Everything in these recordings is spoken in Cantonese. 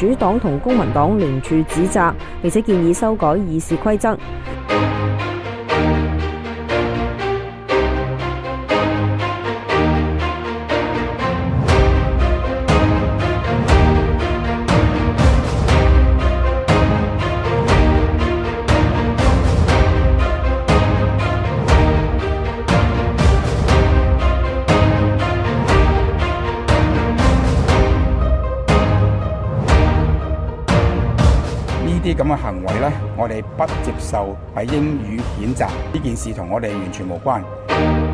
主黨同公民黨聯署指責，並且建議修改議事規則。行為呢，我哋不接受喺英語譴責。呢件事同我哋完全無關。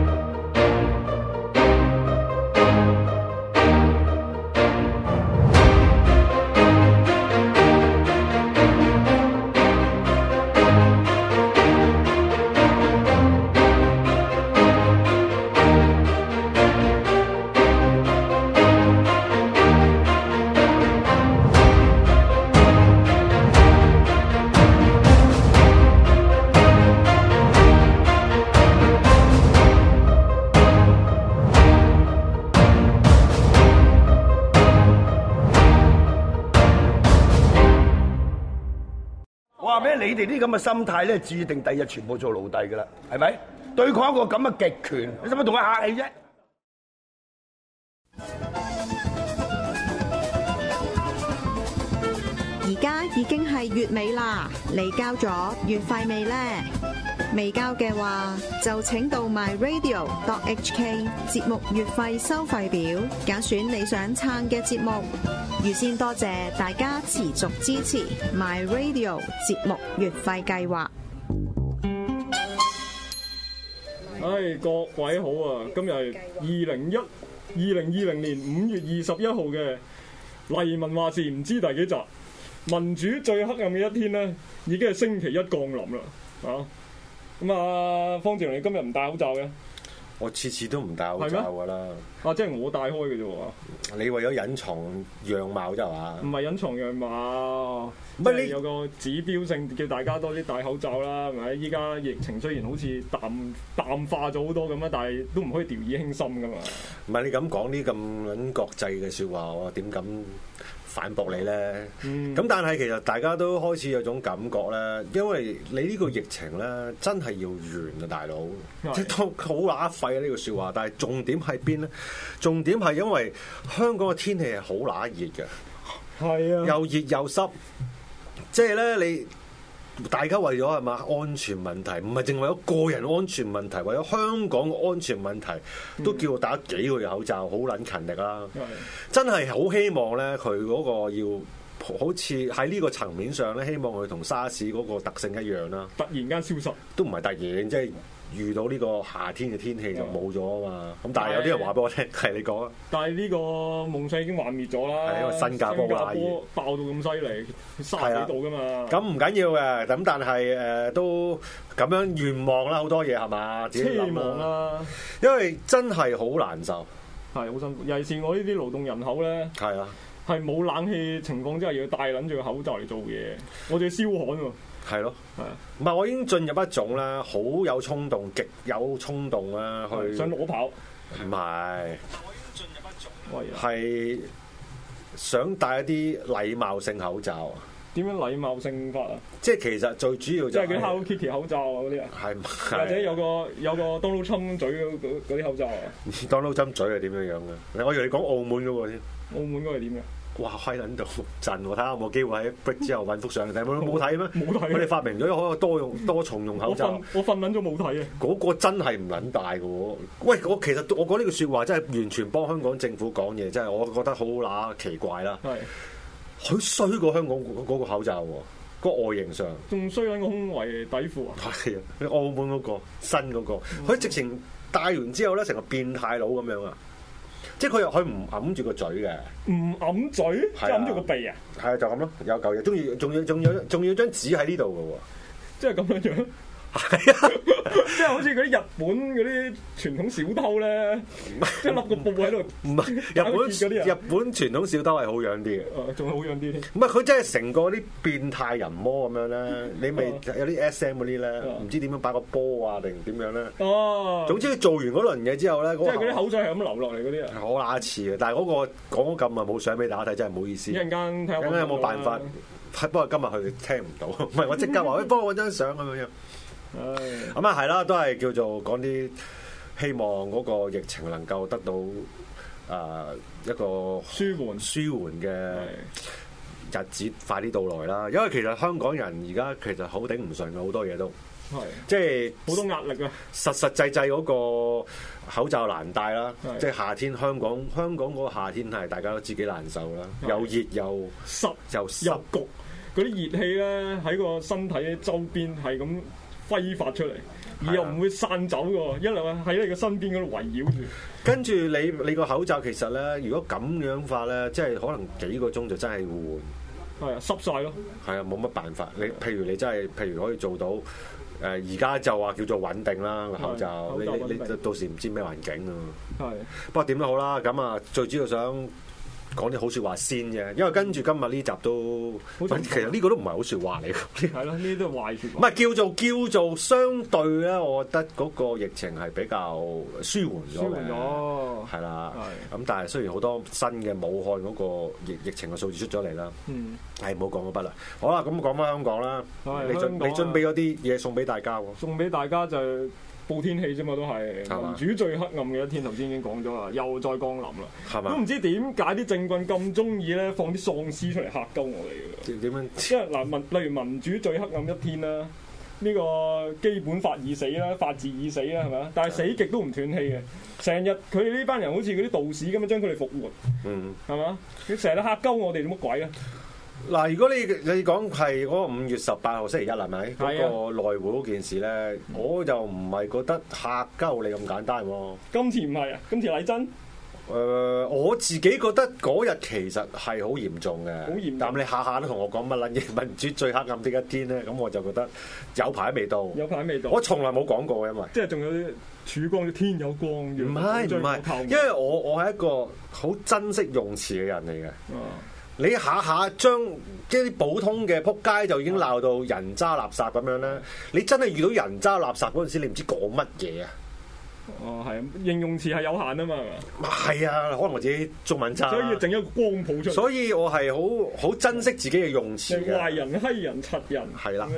呢，咁嘅心態咧，註定第日全部做奴隸噶啦，係咪？對抗一個咁嘅極權，你使唔使同佢客氣啫？而家已經係月尾啦，你交咗月費未咧？未交嘅話就請到 myradio.hk 節目月費收費表揀選你想撐嘅節目。預先多謝大家持續支持 myradio 節目月費計劃。唉、哎，各位好啊！今日二零一二零二零年五月二十一號嘅黎民話事，唔知第幾集，民主最黑暗嘅一天呢，已經係星期一降臨啦啊！咁啊，方智龍，你今日唔戴口罩嘅？我次次都唔戴口罩噶啦。啊，即係我戴開嘅啫喎。你為咗隱藏樣貌啫嘛？唔係隱藏樣貌，你即係有個指標性，叫大家多啲戴口罩啦，係咪？依家疫情雖然好似淡淡化咗好多咁啊，但係都唔可以掉以輕心噶嘛。唔係你咁講啲咁撚國際嘅説話，我點敢？反駁你咧，咁、嗯、但係其實大家都開始有種感覺咧，因為你呢個疫情咧，真係要完啊，大佬，係啊，即係都好乸廢啊呢句説話，但係重點喺邊咧？重點係因為香港嘅天氣係好乸熱嘅。係啊，又熱又濕，即係咧你。大家為咗係嘛安全問題，唔係淨為咗個人安全問題，為咗香港嘅安全問題，都叫我戴幾個月口罩，好撚勤力啦！嗯、真係好希望呢。佢嗰個要好似喺呢個層面上咧，希望佢同沙士嗰個特性一樣啦，突然間消失都唔係突然即係。遇到呢個夏天嘅天氣就冇咗啊嘛，咁但係是有啲人話俾我聽，係你講啊。但係呢個夢想已經幻滅咗啦。係因為新加坡啊，熱爆到咁犀利，卅幾度噶嘛。咁唔緊要嘅，咁但係誒、呃、都咁樣願望啦，好多嘢係嘛，希望啦，因為真係好難受，係好辛苦，尤其是我呢啲勞動人口咧，係啊的，係冇冷氣情況之下，要戴緊住個口罩嚟做嘢，我哋要燒寒喎。係咯，唔係我已經進入一種啦，好有衝動，極有衝動啦，去想攞裸跑是，唔係，我已經進入一種，係想戴一啲禮貌性口罩啊？點樣禮貌性法啊？即係其實最主要就係佢 Hello Kitty 口罩嗰啲啊，係咪，或者有個有個 Donald Trump 嘴嗰啲口罩啊 ？Donald Trump 嘴係點樣樣嘅？我以為你講澳門嗰個先，澳門嗰個係點嘅？哇！閪撚到震喎，睇下有冇機會喺 break 之後揾幅相。但係冇睇咩？冇 睇樂。我哋發明咗可以多用多重用口罩。我瞓我瞓撚都冇睇嘅。嗰個真係唔撚戴嘅喎。喂，我其實我講呢句説話真係完全幫香港政府講嘢，真係我覺得好乸奇怪啦。係。佢衰過香港嗰個口罩喎，嗰個外形上。仲衰過胸圍底褲啊？係啊，澳門嗰個新嗰個，佢直情戴完之後咧，成個變態佬咁樣啊！即係佢又佢唔揞住個嘴嘅，唔揞嘴，即係揞住個鼻啊！係啊，就咁咯，有嚿嘢，中意，仲要仲要仲要張紙喺呢度嘅喎，即係咁樣樣。係啊，即係好似嗰啲日本嗰啲傳統小偷咧，即係笠個布喺度。唔係日本啲日本傳統小偷係好樣啲嘅，仲好樣啲。唔係，佢真係成個啲變態人魔咁樣咧，你咪有啲 S M 嗰啲咧，唔知點樣擺個波啊定點樣咧。哦，總之佢做完嗰輪嘢之後咧，即係嗰啲口水係咁流落嚟嗰啲啊。我那次嘅，但係嗰個講咗咁耐冇相俾大家睇，真係唔好意思。一陣間睇有冇辦法，不過今日佢哋聽唔到，唔係我即刻話，喂，幫我揾張相咁樣。咁啊，係啦，哎，嗯，都係叫做講啲希望嗰個疫情能夠得到啊、呃、一個舒緩舒緩嘅日子快啲到來啦。因為其實香港人而家其實好頂唔順嘅，好多嘢都係即係好多壓力啊。實實際際嗰個口罩難戴啦。是的 即係夏天香港香港嗰個夏天係大家都知幾難受啦，又熱又濕又濕焗，嗰啲熱氣咧喺個身體嘅周邊係咁。揮發出嚟，而又唔會散走嘅，一路喺你個身邊嗰度圍繞住。跟住你，你個口罩其實咧，如果咁樣化咧，即係可能幾個鐘就真係換。係啊，濕晒咯。係啊，冇乜辦法。你譬如你真係，譬如可以做到，誒而家就話叫做穩定啦口罩。口罩你穩定你到時唔知咩環境啊。係啊。不過點都好啦，咁啊最主要想。講啲好説話先嘅，因為跟住今日呢集都，其實呢個都唔係好説話嚟嘅。係咯， 呢啲都係壞説話。唔係叫做叫做相對咧，我覺得嗰個疫情係比較舒緩咗，舒緩咗，係啦的。咁的但係雖然好多新嘅武漢嗰個疫疫情嘅數字出咗嚟啦，的嗯，係唔好講嗰筆啦。好啦，咁講翻香港啦，你你準備咗啲嘢送俾大家喎？送俾大家就是。報天氣啫嘛，都係民主最黑暗嘅一天，頭先係咪？已經講咗啦，又再降臨啦。係咪？都唔知點解啲政棍咁中意咧放啲喪屍出嚟嚇鳩我哋嘅。即係嗱民，例如民主最黑暗一天啦，呢個基本法已死啦，法治已死啦，係咪啊？但係死極都唔斷氣嘅，成日佢哋呢班人好似嗰啲道士咁樣將佢哋復活，嗯，係嘛？佢成日都嚇鳩我哋做乜鬼啊？嗱，如果你你講係嗰個五月十八號星期一，係咪嗰個內會嗰件事咧？我就唔係覺得嚇鳩你咁簡單喎、啊。今次唔係啊，今次係真。誒、呃，我自己覺得嗰日其實係好嚴重嘅，好嚴，但你下下都同我講乜撚嘢民主最黑暗的一天咧，咁我就覺得有排未到，有排未到。我從來冇講過因嘛。即係仲有啲曙光，天有光，唔係唔係，因為我我係一個好珍惜用詞嘅人嚟嘅。嗯你下下將即係啲普通嘅仆街就已經鬧到人渣垃圾咁樣啦。你真係遇到人渣垃圾嗰陣時，你唔知講乜嘢、哦、啊？哦，係啊，形容詞係有限啊嘛，係啊，可能我自己中文渣，所以要整一個光譜出嚟。所以我係好好珍惜自己嘅用詞嘅壞人，人，人、黑人、啊、賊人，係啦。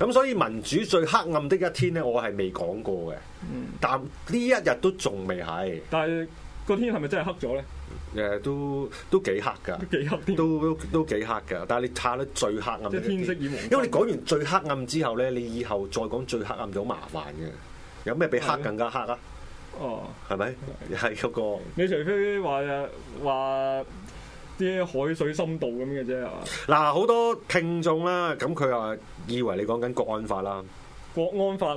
咁所以民主最黑暗的一天咧，我係未講過嘅。嗯、但，一但是是呢一日都仲未係。但係個天係咪真係黑咗咧？誒都都幾黑㗎，都幾黑，幾黑都都都幾黑㗎。但係你擦得最黑暗啲、就係。因為你講完最黑暗之後咧，你以後再講最黑暗就好麻煩嘅。有咩比黑更加黑啊？哦的，係咪係嗰個？你除非話話啲海水深度咁嘅啫係嘛？嗱，好多聽眾啦，咁佢啊以為你講緊國安法啦。國安法，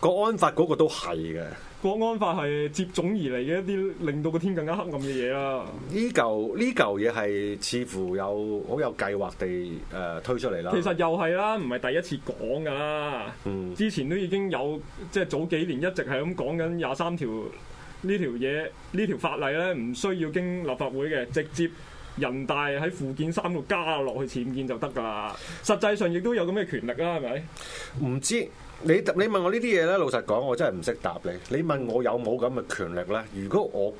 國安法嗰個都係嘅。國安法係接踵而嚟嘅一啲令到個天更加黑暗嘅嘢啦。呢嚿呢嚿嘢係似乎有好有計劃地誒、呃、推出嚟啦。其實又係啦，唔係第一次講㗎啦。嗯，之前都已經有即係早幾年一直係咁講緊廿三條呢條嘢呢條法例咧，唔需要經立法會嘅，直接人大喺附件三度加落去僭建就得㗎啦。實際上亦都有咁嘅權力啦，係咪？唔知。你你問我呢啲嘢咧，老實講，我真係唔識答你。你問我有冇咁嘅權力咧？如果我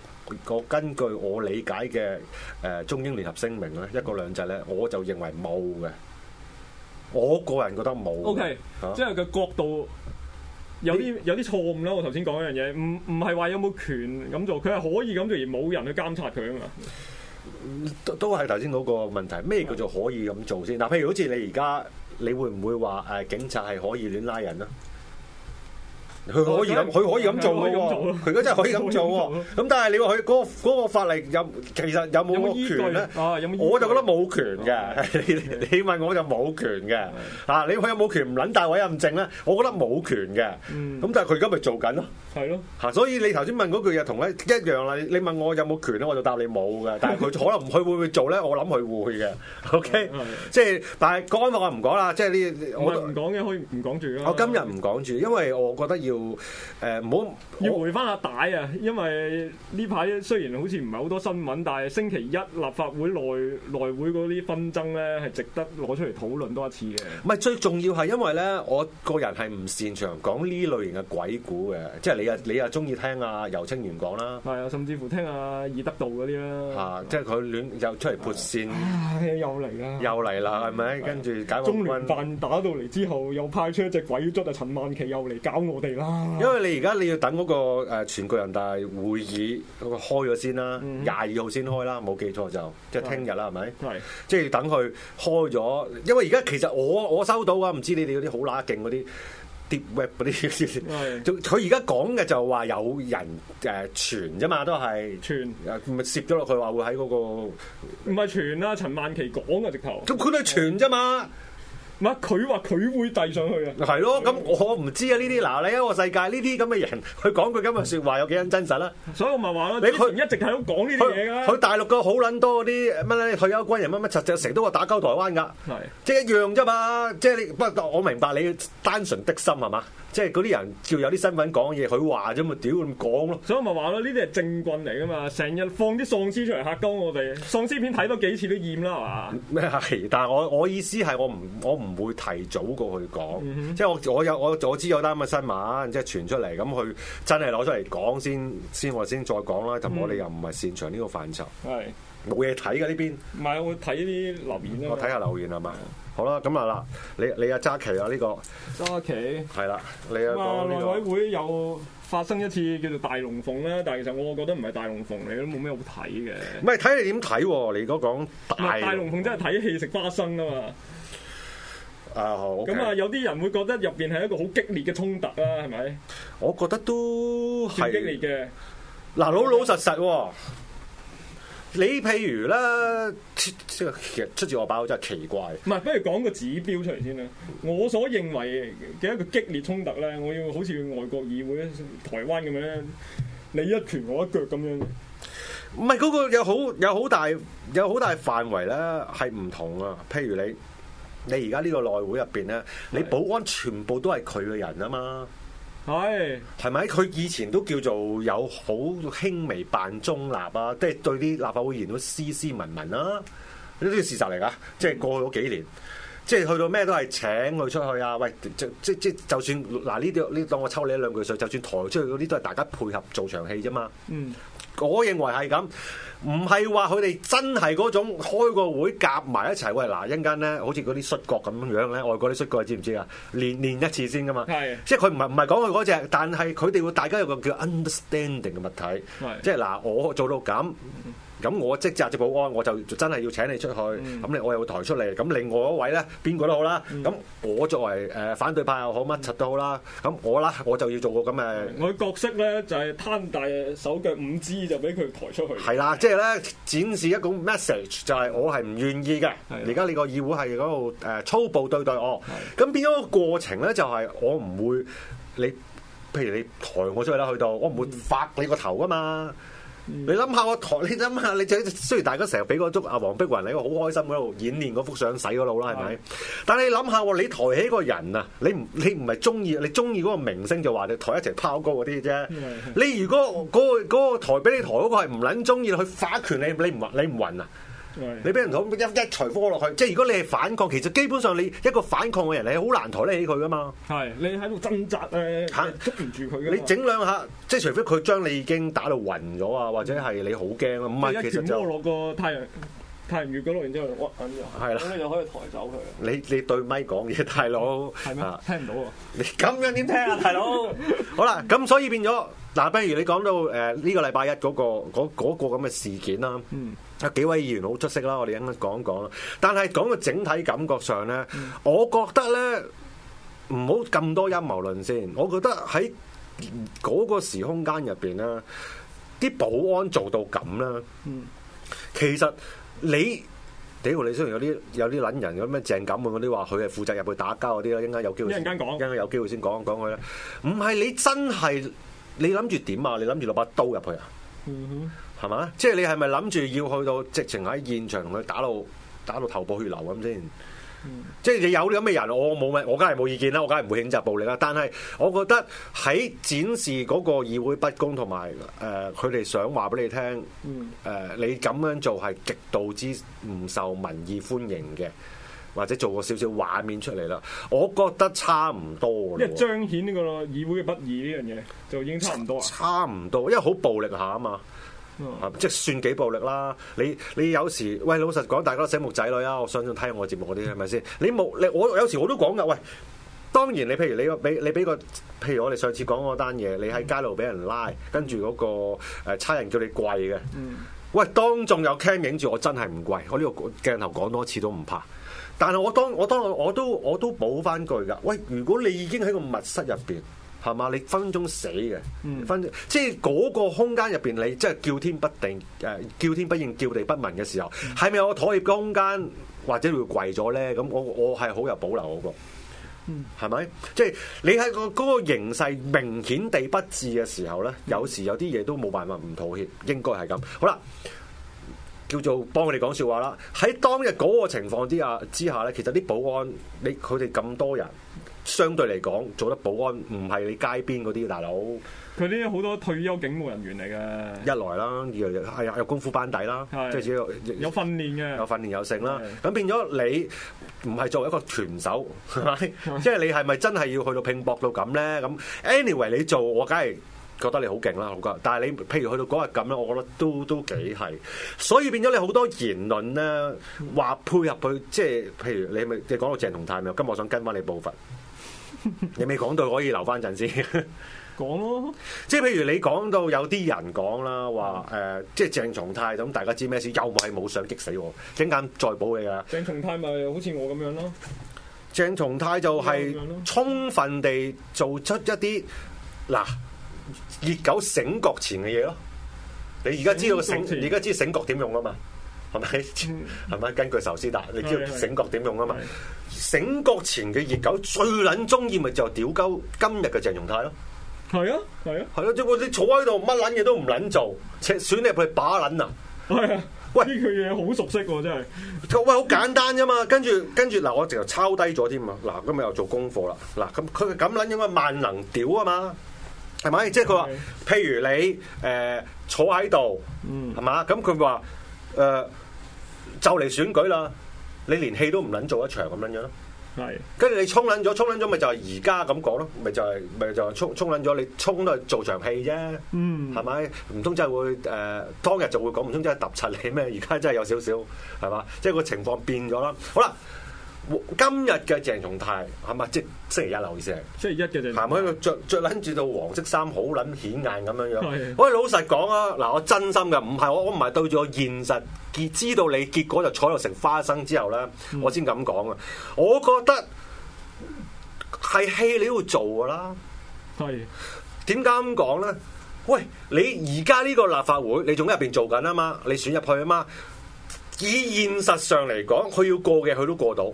個根據我理解嘅誒中英聯合聲明咧，嗯、一國兩制咧，嗯、我就認為冇嘅。我個人覺得冇。O Okay , K，、啊、即係個角度有啲有啲錯誤啦。你我頭先講一樣嘢，唔唔係話有冇權咁做，佢係可以咁做而冇人去監察佢啊嘛。都都係頭先嗰個問題，咩叫做可以咁做先？嗱、嗯，譬如好似你而家。你會唔會話誒警察係可以亂拉人啊？佢可以咁，佢可以咁做嘅喎。佢而家真係可以咁做喎。咁但係你話佢嗰個嗰個法例有其實有冇依據咧？啊，有冇？我就覺得冇權嘅。你問我就冇權嘅。啊，你話有冇權唔撚大位任正咧？我覺得冇權嘅。咁但係佢而家咪做緊咯。係咯。嚇！所以你頭先問嗰句嘢同一一樣啦。你問我有冇權咧，我就答你冇嘅。但係佢可能佢會唔會做咧？我諗佢會嘅。OK，即係但係國安法我唔講啦。即係呢，我唔講嘅可以唔講住啦。我今日唔講住，因為我覺得要。要誒，冇、嗯、要回翻阿大啊！因為呢排雖然好似唔係好多新聞，但係星期一立法會內內會嗰啲紛爭咧，係值得攞出嚟討論多一次嘅。唔係最重要係因為咧，我個人係唔擅長講呢類型嘅鬼故嘅，即係你，你又你又中意聽阿游清源講啦，係啊，甚至乎聽阿易德道嗰啲啦，嚇、啊，即係佢亂又出嚟撥線，又嚟啦，又嚟啦，係咪？跟住搞中聯辦打到嚟之後，又派出一隻鬼卒啊！陳曼琪又嚟搞我哋啦～因為你而家你要等嗰個誒全國人大會議嗰個開咗先啦，廿二號先開啦，冇記錯就即係聽日啦，係咪？係，即係、嗯、吧等佢開咗，因為而家其實我我收到啊，唔知你哋嗰啲好乸勁嗰啲 Deep Web 嗰啲，佢而家講嘅就話有人誒傳啫嘛，都係傳，咪攝咗落去話會喺嗰、嗰個。唔係傳啊，陳曼琪講啊，直頭，咁佢都係傳啫嘛。嗯唔係佢話佢會遞上去啊！係咯，咁我唔知啊呢啲，嗱你一個世界呢啲咁嘅人，佢講句咁嘅說話有幾樣真實啦。所以我咪話咯，你佢他唔一直係咁講呢啲嘢噶。佢大陸個好捻多嗰啲乜咧，退休軍人乜乜柒就成日都話打鳩台灣噶的，即係一樣啫嘛。即係你，不過我明白你單純的心係嘛。即係嗰啲人叫有啲新聞講嘢，佢話啫嘛，屌咁講咯。所以咪話咯，呢啲係政棍嚟噶嘛，成日放啲喪屍出嚟嚇鳩我哋。喪屍片睇多幾次都厭啦，係嘛、嗯？咩係？但係我我意思係我唔我唔會提早過去講、嗯哼，即係我我有我早知有單嘅新聞即係傳出嚟，咁佢真係攞出嚟講先先我先再講啦。咁我哋又唔係擅長呢個範疇。係、嗯。嗯冇嘢睇㗎呢邊，唔係我會睇啲留言啊，我睇下留言係嘛，好啦，咁啊啦，你你阿揸旗啊，呢個揸旗係啦，你啊內委會又發生一次叫做大龍鳳咧，但係其實我覺得唔係大龍鳳，你都冇咩好睇嘅。唔係睇你點睇喎？你而家講大龍鳳真係睇戲食花生啊嘛。啊，咁啊有啲人會覺得入邊係一個好激烈嘅衝突啦，係咪？我覺得都係激烈嘅。嗱，老老實實喎。你譬如咧，即係出自我把口真係奇怪。唔係，不如講個指標出嚟先啦。我所認為嘅一個激烈衝突咧，我要好似外國議會、台灣咁樣，你一拳我一腳咁樣。唔係嗰個有好有好大有好大範圍咧，係唔同啊。譬如你，你而家呢個內會入面咧，你保安全部都係佢嘅人啊嘛。係，係咪佢以前都叫做有好輕微扮中立啊？即係對啲立法會議員都斯斯文文啦，呢啲事實嚟㗎。即係過去幾年，即係去到咩都係請佢出去啊！喂，即即即係就算嗱呢啲呢，當我抽你一兩句水，就算抬出去嗰啲都係大家配合做場戲啫嘛。嗯。我認為係咁，唔係話佢哋真係嗰種開個會夾埋一齊喂嗱，一陣間咧好似嗰啲摔角咁樣咧，外國啲摔角知唔知啊？練練一次先㗎嘛，是的 即係佢唔係唔係講佢嗰隻，但係佢哋會大家有個叫 understanding 嘅物體，是的 即係嗱，我做到咁。咁我職責做保安，我就真係要請你出去。咁你、嗯、我又會抬出嚟。咁另外一位咧，邊個都好啦。咁、嗯、我作為誒反對派又好乜柒都好啦。咁我啦，我就要做個咁嘅。我角色咧就係、是、攤大手腳五肢就俾佢抬出去。係啦，即係咧展示一個 message，就係我係唔願意嘅。而家、嗯、你個議會係嗰度誒粗暴對待我。咁的變咗個過程咧，就係、是、我唔會你，譬如你抬我出去啦，去到我唔會發你個頭噶嘛。你諗下我抬，你諗下你最，雖然大家成日俾個足阿黃碧雲你個好開心喺度演練嗰幅相洗嗰度啦，係咪？是的 但你諗下喎，你抬起個人啊，你唔你唔係中意，你中意嗰個明星就話你抬一齊拋高嗰啲啫。是的是的你如果嗰、嗰個嗰、嗰個抬俾你抬嗰個係唔捻中意，去甩一拳你你唔你唔暈啊？你俾人捅，一一抬波落去，即係如果你係反抗，其實基本上你一個反抗嘅人，你好難抬得起佢噶嘛。係，你喺度掙扎咧，捉唔住佢。你整兩下，即係除非佢將你已經打到暈咗啊，或者係你好驚啊。唔係其實就。太完熱嗰碌，然之後屈緊咗，咁你就可以抬走佢的。你你對咪講嘢，大佬，聽唔到啊！啊你咁樣點聽啊，大佬？ 好啦，咁所以變咗嗱，不如你講到誒呢、呃呢個禮拜一嗰、嗰個咁嘅、嗰個嗰個、事件啦。有啊、嗯、幾位議員好出色啦，我哋啱啱講一講啦。但係講到整體感覺上咧，嗯、我覺得咧唔好咁多陰謀論先。我覺得喺嗰個時空間入邊咧，啲保安做到咁啦，嗯，其實。你屌！你雖然有啲有啲撚人，咁咩鄭錦滿嗰啲話，佢係負責入去打交嗰啲啦，應該有機會，一陣間講，應該有機會先講講佢啦。唔係你真係你諗住點啊？你諗住攞把刀入去啊？嗯哼，係嘛？即係你係咪諗住要去到直情喺現場同佢打到打到頭破血流咁先？即係你有啲咁嘅人，我冇咩我梗係冇意見啦，我梗係唔會譴責暴力啦。但係我覺得喺展示嗰個議會不公同埋誒，佢哋、呃、想話俾你聽誒、呃，你咁樣做係極度之唔受民意歡迎嘅，或者做個少少畫面出嚟啦。我覺得差唔多，因彰顯呢個議會嘅不義呢樣嘢就已經差唔多差唔多，因為好暴力下啊嘛。即係算幾暴力啦！你你有時喂，老實講，大家都醒目仔女啊！我相信睇下我節目嗰啲，係咪先？你冇你我有時我都講㗎喂，當然你譬如你俾你俾個，譬如我哋上次講嗰單嘢，你喺街度俾人拉，跟住嗰、嗰個差人、呃、叫你跪嘅，嗯、喂，當眾有 cam 影住，我真係唔跪，我呢個鏡頭講多次都唔怕。但係我當我當我、我都我都補翻句㗎，喂，如果你已經喺個密室入邊。係嘛？你分鐘、嗯、分鐘死嘅，分即係嗰個空間入邊，你即係叫天不定，誒、呃、叫天不應，叫地不聞嘅時候，係咪、嗯、我妥協嘅空間或者會跪咗咧？咁我我係好有保留嗰、嗯那個，係咪？即係你喺個嗰個形勢明顯地不治嘅時候咧，嗯、有時有啲嘢都冇辦法唔妥協，應該係咁。好啦，叫做幫我哋講笑話啦。喺當日嗰個情況之啊之下咧，其實啲保安你佢哋咁多人。相對嚟講，做得保安唔係你街邊嗰啲大佬，佢啲好多退休警務人員嚟嘅。一來啦，二嚟係啊有功夫班底啦，的即係主要有訓練嘅，有訓練有成啦。咁的變咗你唔係作為一個拳手，即係的 你係咪真係要去到拼搏到咁咧？咁 anyway 你做，我梗係覺得你好勁啦，好噶。但係你譬如去到嗰日咁咧，我覺得都都幾係。所以變咗你好多言論咧，話配合佢，即係，譬如你咪你講到鄭同泰,泰，今日我,我想跟翻你部分。 你未講到，可以留翻陣先講咯、 啊呃。即係譬如你講到有啲人講啦，話誒，即係鄭松泰咁，大家知咩事？又係冇想激死我，整間再保你噶。鄭松泰咪好似我咁樣咯。鄭松泰就係充分地做出一啲嗱熱狗醒覺前嘅嘢咯。你而家知道醒，而家知醒覺點用啊嘛？係咪係咪根據壽司達？你知道醒覺點用啊嘛？醒覺前嘅熱狗最撚中意，咪就屌鳩今日嘅鄭容泰咯，係啊，係啊，係啊！即係我坐喺度，乜撚嘢都唔撚做，赤選你入去把撚啊！係啊，喂，呢句嘢好熟悉喎、啊，真係，喂，好簡單啫嘛。跟住，跟住嗱、啊，我直頭抄低咗添啊！嗱，今日又做功課啦，嗱、啊，咁佢咁撚應該萬能屌啊嘛，係咪？即係佢話，的譬如你誒、呃、坐喺度，嗯，係嘛？咁佢話誒就嚟選舉啦。你連戲都唔撚做一場咁樣樣、啊、咯，係，跟住你衝撚咗，衝撚咗咪就係而家咁講咯，咪就係、是、咪就係衝衝撚咗，你衝都係做場戲啫，嗯，係咪？唔通真係會誒當日就會講，唔通真係揼柒你咩？而家真係有少少，係嘛？即、就、係、是、個情況變咗啦。好啦。今日嘅鄭松泰係咪？即星期一劉 Sir 星期一嘅鄭，行喺着着捻住套黃色衫，好捻顯眼咁樣樣。喂的，老實講啊，嗱，我真心嘅，唔係我我唔係對住個現實結知道你結果就坐喺度食花生之後咧，嗯、我先咁講啊。我覺得係戲你都要做噶啦。係的。點解咁講咧？喂，你而家呢個立法會，你仲喺入邊做緊啊嘛，你選入去啊嘛。以現實上嚟講，佢要過嘅，佢都過到。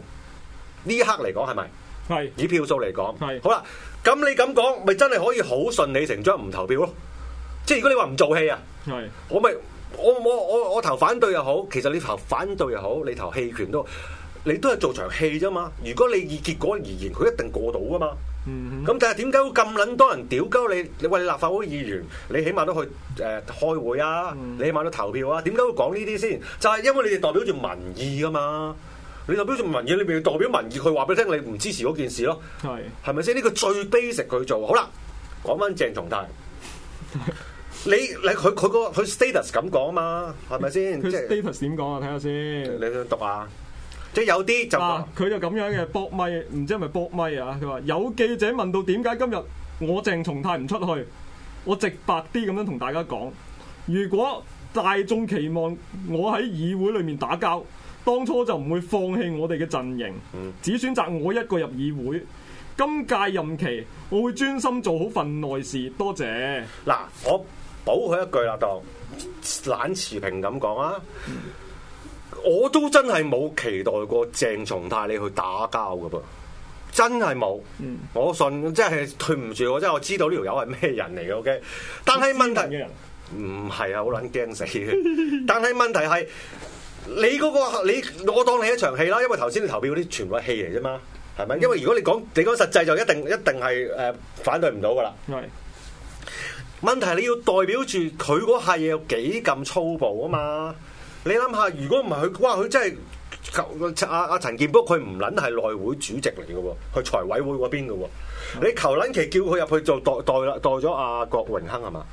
呢刻嚟講係咪？係是的 以票數嚟講，係是的 好啦。咁你咁講，咪真係可以好順理成章唔投票咯？即係如果你話唔做戲啊，係是的 我咪我我我我投反對又好，其實你投反對又好，你投棄權都好，你都係做場戲啫嘛。如果你以結果而言，佢一定過到噶嘛。咁、嗯、哼 但係點解會咁撚多人屌鳩你？你話你立法會議員，你起碼都去誒、呃、開會啊，嗯、你起碼都投票啊？點解會講呢啲先？就係、是、因為你哋代表住民意噶嘛。就是你代表住民意，你咪代表民意，佢話俾你聽，你唔支持嗰件事咯，係是，係咪先？呢個最 basic，佢做好啦。講翻鄭松泰， 你你佢佢個佢 status 咁講嘛，係咪先？佢 status 點講啊？睇下先，你想讀啊？即係有啲就話，佢就咁樣嘅搏咪，唔知係咪搏咪啊？佢話有記者問到點解今日我鄭松泰唔出去，我直白啲咁樣同大家講，如果大眾期望我喺議會裏面打交。當初就唔會放棄我哋嘅陣營，嗯、只選擇我一個入議會。今屆任期我會專心做好份內事，多謝。嗱，我補佢一句啦，當懶持平咁講啊，嗯、我都真係冇期待過鄭松泰你去打交㗎噃，真係冇、嗯就是。我信，即係對唔住我，即係我知道呢條友係咩人嚟嘅。O、okay? K，但係問題唔係啊，好撚驚死嘅。 但係問題係。你嗰、那個你我當你一場戲啦，因為頭先你投票嗰啲全部係戲嚟啫嘛，係咪？因為如果你講你講實際就一定一定係誒、呃、反對唔到噶啦。係 Right. 問題你要代表住佢嗰下嘢有幾咁粗暴啊嘛？你諗下，如果唔係佢，哇佢真係陳阿阿陳健波，佢唔捻係內會主席嚟噶，去財委會嗰邊噶。你求捻其叫佢入去做代代代咗阿、啊、郭榮鏗係嘛？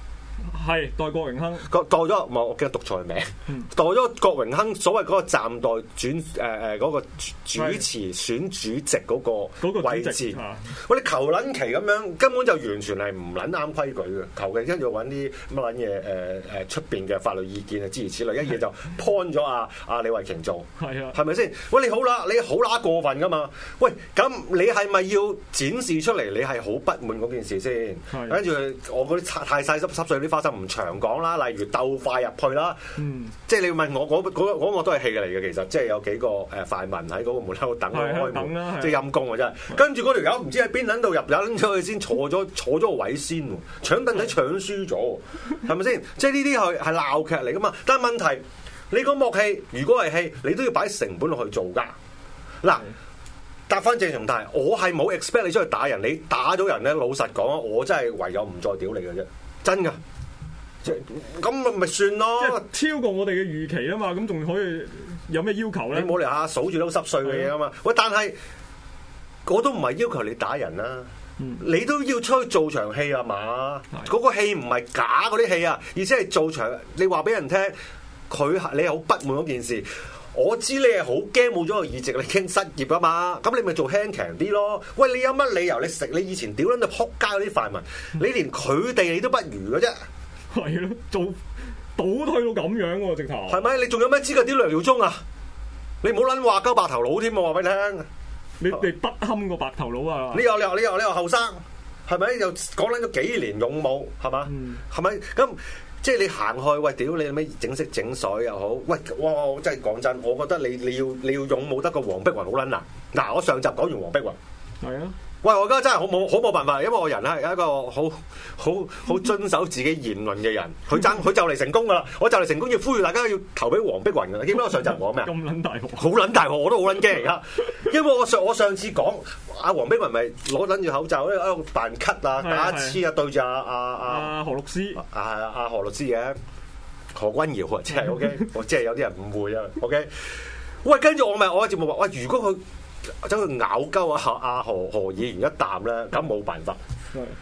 係代郭榮鏗，代咗，唔我記得讀錯名，代咗郭榮鏗所謂嗰個暫代轉誒誒嗰個主持選主席嗰個位置，喂你求撚其咁樣，根本就完全係唔撚啱規矩嘅，求其，一為要搵啲乜撚嘢誒誒出邊嘅法律意見啊，諸如此類，一嘢就判咗啊啊李慧瓊做，係啊，係咪先？喂你好啦，你好乸過分噶嘛？喂咁你係咪要展示出嚟？你係好不滿嗰件事先？跟住我嗰啲太細濕濕碎啲。我就唔長講啦，例如鬥快入去啦，嗯、即係你問我嗰嗰嗰個都係戲嚟嘅，其實即係有幾個誒快民喺嗰個門口等佢開門啦，即係陰公啊真係！的跟住嗰條友唔知喺邊撚度入撚咗去先坐咗坐咗個位先，搶凳仔搶輸咗，係咪先？即係呢啲係係鬧劇嚟噶嘛？但係問題你個幕戲如果係戲，你都要擺成本落去做㗎。嗱，答翻鄭松泰：「我係冇 expect 你出去打人，你打咗人咧，老實講啊，我真係唯有唔再屌你嘅啫，真㗎。真咁咪咪算咯，超過我哋嘅預期啊嘛，咁仲可以有咩要求咧？你冇嚟下數住都濕碎嘅嘢啊嘛！喂，但係我都唔係要求你打人啦、啊，嗯、你都要出去做場戲啊嘛！嗰個戲唔係假嗰啲戲啊，而且係做場你話俾人聽，佢你好不滿嗰件事。我知你係好驚冇咗個議席，你驚失業啊嘛！咁你咪做輕強啲咯。喂，你有乜理由你食你以前屌撚到仆街嗰啲泛民？你連佢哋你都不如嘅啫。係咯， 做倒退到咁樣喎、啊，直頭。係咪？你仲有咩資格啲梁耀忠啊！你唔好捻話交白頭佬添，我話俾你聽。你哋不堪個白頭佬啊！你又你又你又你又後生，係咪？ 又講捻咗幾年勇武，係嘛？係咪、嗯？咁即係你行去，喂，屌你有咩整色整水又好？喂，哇！哇真係講真，我覺得你要你要你要勇武得過黃碧雲好捻啊。嗱，我上集講完黃碧雲。係啊。喂，我而家真係好冇好冇辦法，因為我人咧係一個好好好遵守自己言論嘅人。佢爭佢就嚟成功噶啦，我就嚟成功要呼籲大家要投俾黃碧雲噶啦。基本我上集講咩啊？咁 大好撚大鑊，我都好撚驚而家。因為我上我上次講阿黃碧雲咪攞撚住口罩喺度扮咳打一啊打黐是啊對住阿阿阿何律師，阿阿、啊啊啊、何律師嘅何君堯啊，即係 OK， 我即係有啲人誤會 OK。喂，跟住我咪我嘅節目話喂，如果佢。將佢咬鳩啊何何何議員一啖咧，咁冇辦法。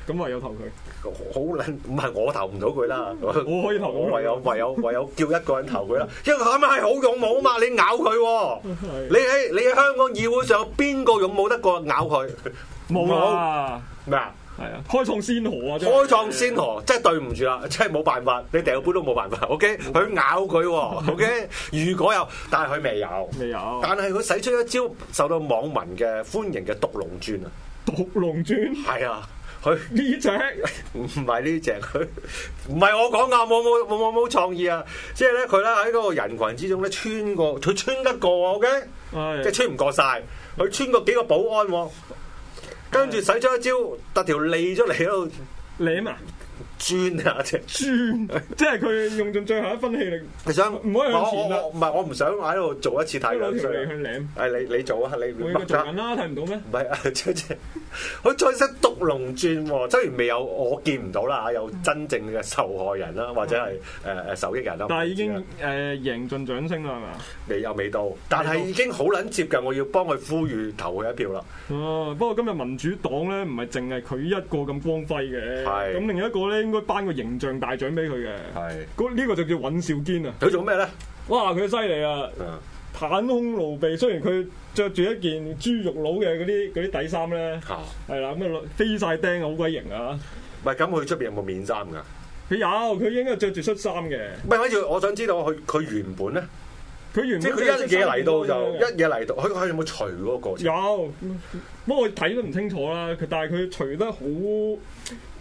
咁唯有投佢，好撚唔係我投唔到佢啦。我可以投，我唯有唯有唯有叫一個人投佢啦。因為佢咁係好勇武啊嘛，你咬佢，哦， 你你你喺香港議會上有邊個勇武得過咬佢？冇啊，咩啊？ 係啊，開創先河啊！開創先河，真係對唔住啦，真係冇辦法，你掟個杯都冇辦法，OK？佢咬佢，OK？如果有，但係佢未有，未有。但係佢使出一招受到網民嘅歡迎嘅《毒龍鑽》啊，《毒龍鑽》係啊，佢呢隻唔係呢隻，佢唔係我講啊，冇冇冇冇冇創意啊！即係咧，佢咧喺嗰個人群之中咧穿過，佢穿得過 OK，即係穿唔過晒，佢穿過幾個保安。跟住使咗一招，突條脷出嚟咯，脷嘛。鑽啊，即係鑽，即係佢用盡最後一分氣力。你想唔好唔係我唔想喺度做一次太遠衰。我條脷你你做啊？你唔得。我啦，睇唔到咩？唔係啊，即係好最毒龍鑽。雖然未有我見唔到啦吓，有真正嘅受害人啦，或者係誒誒受益人啦。但係已經誒贏盡掌聲啦，係咪未有未到，但係已經好撚接近，我要幫佢呼籲投佢一票啦。哦、嗯，不過今日民主黨咧唔係淨係佢一個咁光輝嘅，咁的另一個咧。應該頒個形象大獎俾佢嘅，嗰呢個就叫尹兆堅啊！佢做咩咧？哇！佢犀利啊！袒胸露臂，雖然佢着住一件豬肉佬嘅嗰啲啲底衫咧，係啦咁啊，飛晒釘好鬼型啊！唔係咁，佢出邊有冇面衫噶？佢有，佢應該着住恤衫嘅。唔係，跟住我想知道佢佢原本咧，佢原本即係一嘢嚟到就一嘢嚟到，佢佢有冇除嗰個？有，不過我睇都唔清楚啦。佢但係佢除得好。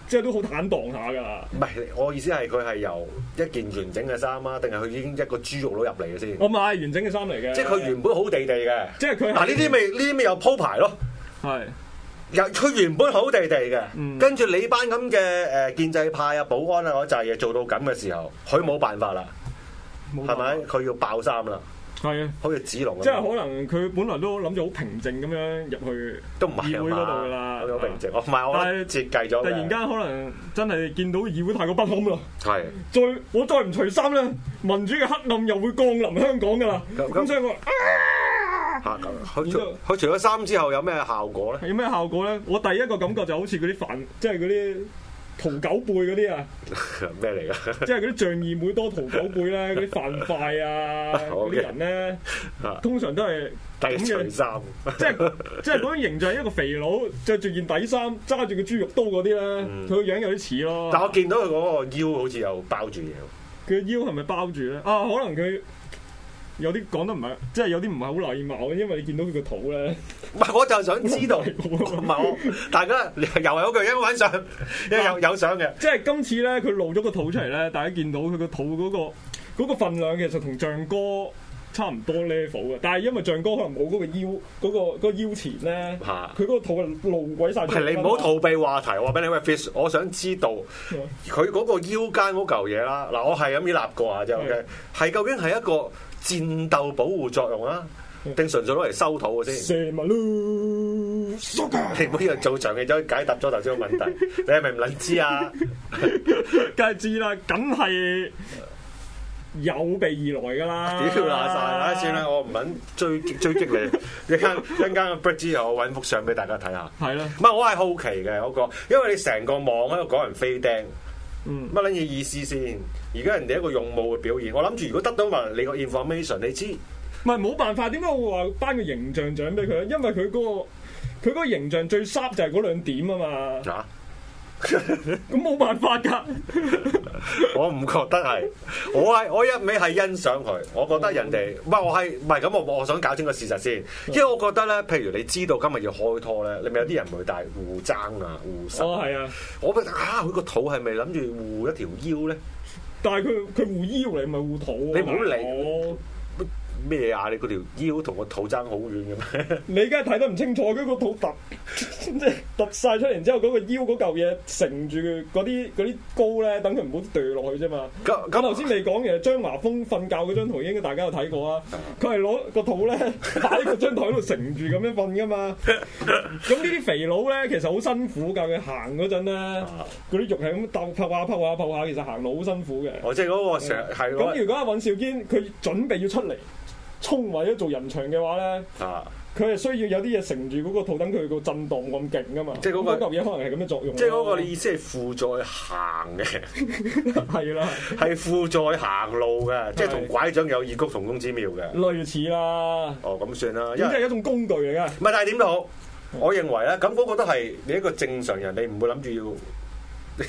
即係都好坦蕩下噶啦，唔係我意思係佢係由一件完整嘅衫啊，定係佢已經一個豬肉佬入嚟嘅先？我買完整嘅衫嚟嘅，即係佢原本好地地嘅，即係佢嗱呢啲咪呢啲咪又鋪排咯，係又佢原本好地地嘅，嗯、跟住你班咁嘅誒建制派啊保安啊嗰陣嘢做到咁嘅時候，佢冇辦法啦，係咪佢要爆衫啦？係啊，好似子龍啊。即係可能佢本來都諗住好平靜咁樣入去議會嗰度。都唔係啊嘛，好平靜。唔係我。但係設計咗。突然間可能真係見到議會太過不堪啦。係。再我再唔除衫咧，民主嘅黑暗又會降臨香港㗎啦。咁所以我啊。佢除咗衫之後有咩效果咧？有咩效果咧？我第一個感覺就好似嗰啲憤，即係嗰啲。屠狗輩嗰啲啊，咩嚟噶？即係嗰啲仗義每多屠狗輩咧，嗰啲飯塊啊，嗰啲 Okay. 人咧，通常都係底衫，即係即係嗰種形象，一個肥佬着住件底衫，揸住個豬肉刀嗰啲咧，佢個、嗯、樣有啲似咯。但我見到佢嗰個腰好似有包住嘢。佢、嗯、腰係咪包住咧？啊，可能佢。有啲講得唔係，即係有啲唔係好禮貌嘅，因為你見到佢個肚咧。唔係，我就想知道，唔係我，大家又有句英文相，有有相嘅。即係今次咧，佢露咗個肚出嚟咧，大家見到佢個肚嗰個嗰個份量，其實同象哥差唔多 level 嘅。但係因為象哥可能冇嗰個腰，嗰個腰前咧，吓佢嗰個肚露鬼晒。係你唔好逃避話題，我話俾你聽，Fish，我想知道佢嗰個腰間嗰嚿嘢啦。嗱，我係咁易立過啊，即係，係究竟係一個。戰鬥保護作用啊？定純粹攞嚟收土先？了你唔好又做長嘅就解答咗頭先個問題， 你係咪唔捻知啊？梗 係知啦，梗係有備而來噶啦。屌爛晒啦，看看算啦，我唔捻追追擊你。我一陣一陣間之後我搵幅相俾大家睇下。係咯的，唔係我係好奇嘅我、嗰個，因為你成個網喺度講人飛釘。乜撚嘢意思先？而家人哋一個勇武嘅表現，我諗住如果得到話，你個 information 你知，唔係冇辦法，點解會話頒個形象獎俾佢？因為佢嗰、嗰個佢嗰個形象最 sharp 就係嗰兩點啊嘛。啊咁冇 辦法噶， 我唔覺得係，我係我一味係欣賞佢，我覺得人哋唔係我係唔係咁我我想搞清個事實先，因為我覺得咧，譬如你知道今日要開拖咧，你咪有啲人會帶護踭啊護手，哦係啊，啊哦、啊我啊佢個肚係咪諗住護一條腰咧？但係佢佢護腰你咪係護肚，你唔好、啊、理。我咩啊？你嗰條腰同個肚爭好遠嘅咩？你梗係睇得唔清楚，佢個肚凸即係凸曬出嚟，之後嗰個腰嗰嚿嘢承住嗰啲嗰啲高咧，等佢唔好掉落去啫嘛。咁咁頭先你講嘅張華峰瞓覺嗰張圖應該大家有睇過啊。佢係攞個肚咧擺喺個張台度承住咁樣瞓噶嘛。咁呢啲肥佬咧其實好辛苦，教佢行嗰陣咧，嗰啲肉係咁抱抱下抱下抱下，其實行路好辛苦嘅。哦，即係嗰個成日。咁如果阿尹兆堅佢準備要出嚟衝或者做人牆嘅話咧，佢係、啊、需要有啲嘢乘住嗰個等佢個震盪咁勁噶嘛，即係嗰嘢可能係咁樣作用。即係嗰個意思係輔助行嘅，係 啦，係輔助行路嘅，是即係同拐杖有異曲同工之妙嘅，類似啦。哦，咁算啦，因為係一種工具嚟㗎。唔係，但係點都好，我認為咧，咁、那、嗰個都係你一個正常人，你唔會諗住要。 你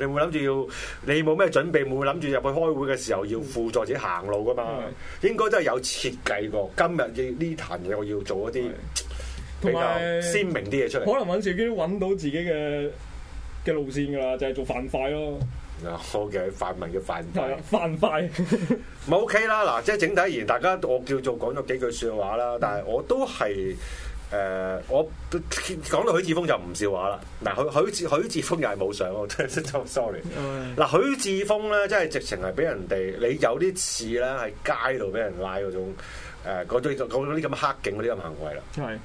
你會諗住要你冇咩準備，唔會諗住入去開會嘅時候要輔助自己行路噶嘛？嗯、應該都係有設計過今日嘅呢壇嘢，我要做一啲比較鮮明啲嘢出嚟、呃。可能揾自己揾到自己嘅嘅路線噶啦，就係、係、做犯快咯。嗱，好嘅，泛民嘅犯快，犯快咪 OK 啦。嗱，即係整體而言大家，我叫做講咗幾句説話啦，但係我都係。誒，uh, 我講到許智峯就唔笑話啦。嗱，許許許智峯又係冇上喎，真係真做 sorry。嗱，許智峯咧，真 係 Sorry. 直情係俾人哋，你有啲事咧喺街度俾人拉嗰種誒，嗰啲嗰啲咁黑警嗰啲咁行為啦，係是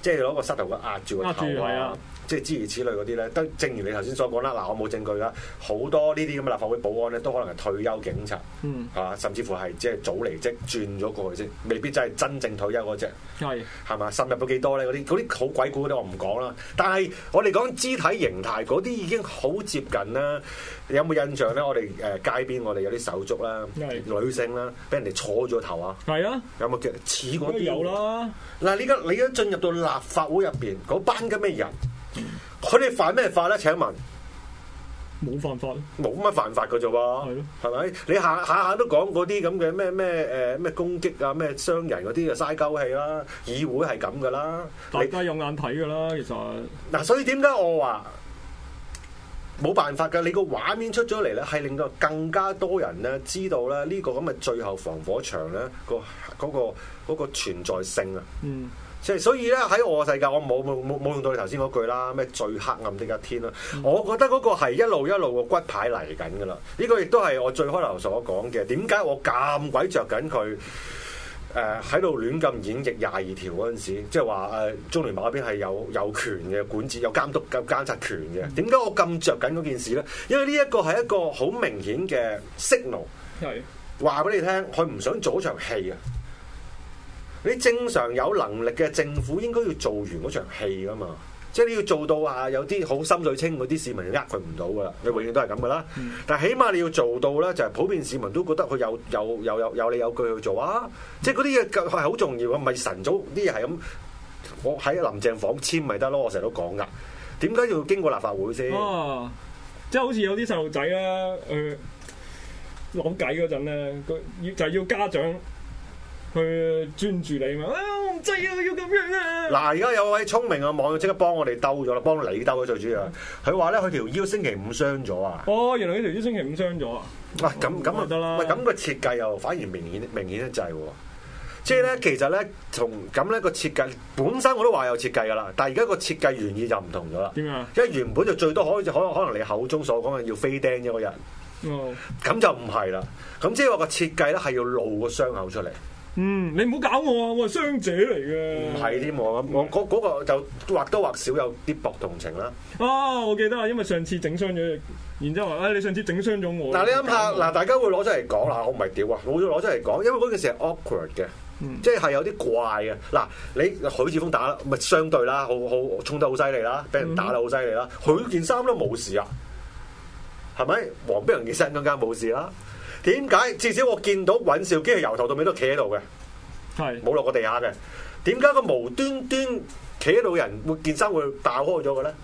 即係攞個膝頭骨壓住個頭啊！啊。即係諸如此類嗰啲咧，都正如你頭先所講啦。嗱，我冇證據㗎，好多呢啲咁嘅立法會保安咧，都可能係退休警察，嚇，嗯、甚至乎係即係早離職轉咗過去先，未必真係真正退休嗰隻。係是，係嘛？滲入到幾多咧？嗰啲啲好鬼古嗰啲，我唔講啦。但係我哋講肢體形態嗰啲已經好接近啦。你有冇印象咧？我哋誒街邊我哋有啲手足啦，是 女性啦，俾人哋錯咗頭是啊有有！係啊，有冇叫似嗰啲有啦。嗱，你而家你而家進入到立法會入邊嗰班咁嘅人。佢哋犯咩法咧？請問，冇犯法冇乜犯法嘅啫噃。係咯，係咪？你下下下都講嗰啲咁嘅咩咩誒咩攻擊啊咩傷人嗰啲嘅嘥鳩氣啦！議會係咁噶啦，大家有眼睇噶啦。其實嗱，所以點解我話冇辦法㗎？你個畫面出咗嚟咧，係令到更加多人咧知道咧呢個咁嘅最後防火牆咧、嗰個嗰、嗰個、嗰個存在性啊。嗯。即係所以咧，喺我世界，我冇冇冇用到你頭先嗰句啦，咩最黑暗的一天啦。我覺得嗰個係一路一路個骨牌嚟緊噶啦。呢、這個亦都係我最開頭所講嘅。點解我咁鬼着緊佢？誒喺度亂咁演繹廿二條嗰陣時，即係話誒中聯辦嗰邊係有有權嘅管治、有監督、有監察權嘅。點解我咁着緊嗰件事咧？因為呢一個係一個好明顯嘅 signal，話俾的你聽，佢唔想做場戲啊！你正常有能力嘅政府應該要做完嗰場戲噶嘛，即係你要做到話有啲好心水清嗰啲市民呃佢唔到噶啦，你、嗯、永遠都係咁噶啦。嗯、但係起碼你要做到咧，就係普遍市民都覺得佢有有有有有理有據去做啊，嗯、即係嗰啲嘢係好重要啊，唔係晨早啲嘢係咁，我喺林鄭房簽咪得咯，我成日都講噶。點解要經過立法會先、啊？即係好似有啲細路仔咧去諗計嗰陣咧，佢、呃、要就係、是、要家長。去專注你嘛？啊！我唔制啊，要咁樣啊！嗱，而家有位聰明嘅網友即刻幫我哋兜咗啦，幫你兜咗最主要。佢話咧，佢條腰星期五傷咗啊！哦，原來佢條腰星期五傷咗啊！哇、啊，咁咁就得啦！喂、嗯，咁個設計又反而明顯明顯得滯，即係咧，其實咧，從咁咧個設計本身，我都話有設計噶啦，但係而家個設計原意就唔同咗啦。點啊？因為原本就最多可可可能你口中所講嘅要飛釘一個人，哦、嗯，咁、嗯、就唔係啦。咁即係話個設計咧係要露個傷口出嚟。嗯，你唔好搞我啊！我係傷者嚟嘅。唔係添，我嗰嗰、那個那個就或多或少有啲博同情啦。哦、啊，我記得啊，因為上次整傷咗，然之後話唉、哎，你上次整傷咗我。嗱、啊，你諗下，嗱，大家會攞出嚟講，嗱，我唔係屌啊，我會攞出嚟講，因為嗰件事係 awkward 嘅，嗯、即係有啲怪嘅。嗱、啊，你許智峰打咪相對啦，好好衝得好犀利啦，俾人打得好犀利啦，佢件衫都冇事啊，係咪？黃碧雲件衫更加冇事啦。點解至少我見到尹兆堅係由頭到尾都企喺度嘅，係冇是 落過地下嘅。點解佢無端端企喺度人換件衫會爆開咗嘅咧？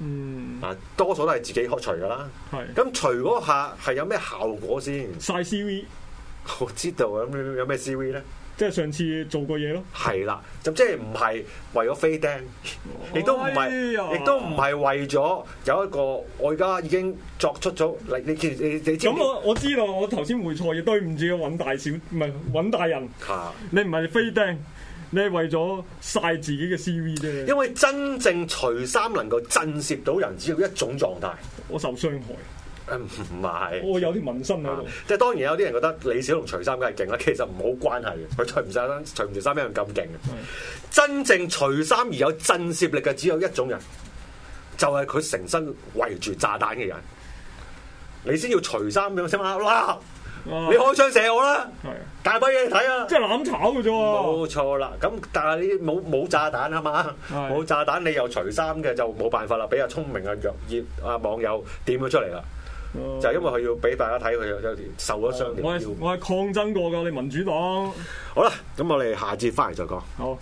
嗯啊，啊多數都係自己開除㗎啦。係咁，除嗰下係有咩效果先？晒 CV，我知道啊。咁有咩 CV 咧？即係上次做過嘢咯，係啦，就即係唔係為咗飛釘，亦都唔係，亦、哎、呀都唔係為咗有一個，我而家已經作出咗，嚟，你，你，你，你知咁，我我知道，我頭先會錯嘢，對唔住，尹大少唔係尹大人，啊、你唔係飛釘，你係為咗晒自己嘅 C V 啫。因為真正除衫能夠震懾到人，只有一種狀態，我受傷害。唔係，我 是、哦、有啲紋身啊！即係當然有啲人覺得李小龍除衫梗係勁啦，其實唔好關係佢除唔晒衫，除唔住衫，一樣咁勁？的真正除衫而有震懾力嘅只有一種人，就係佢成身圍住炸彈嘅人。你先要除衫，有隻貓，哇你開槍射我啦！大把嘢睇啊！即係攬炒嘅啫喎，冇錯啦。咁但係你冇冇炸彈啊嘛？冇炸彈，你又除衫嘅就冇辦法啦。比較聰明嘅弱葉阿網友,網友點咗出嚟啦～點佢點佢就係因為佢要俾大家睇，佢有受咗傷我。我係我係抗爭過噶，你民主黨。好啦，咁我哋下節翻嚟再講。好。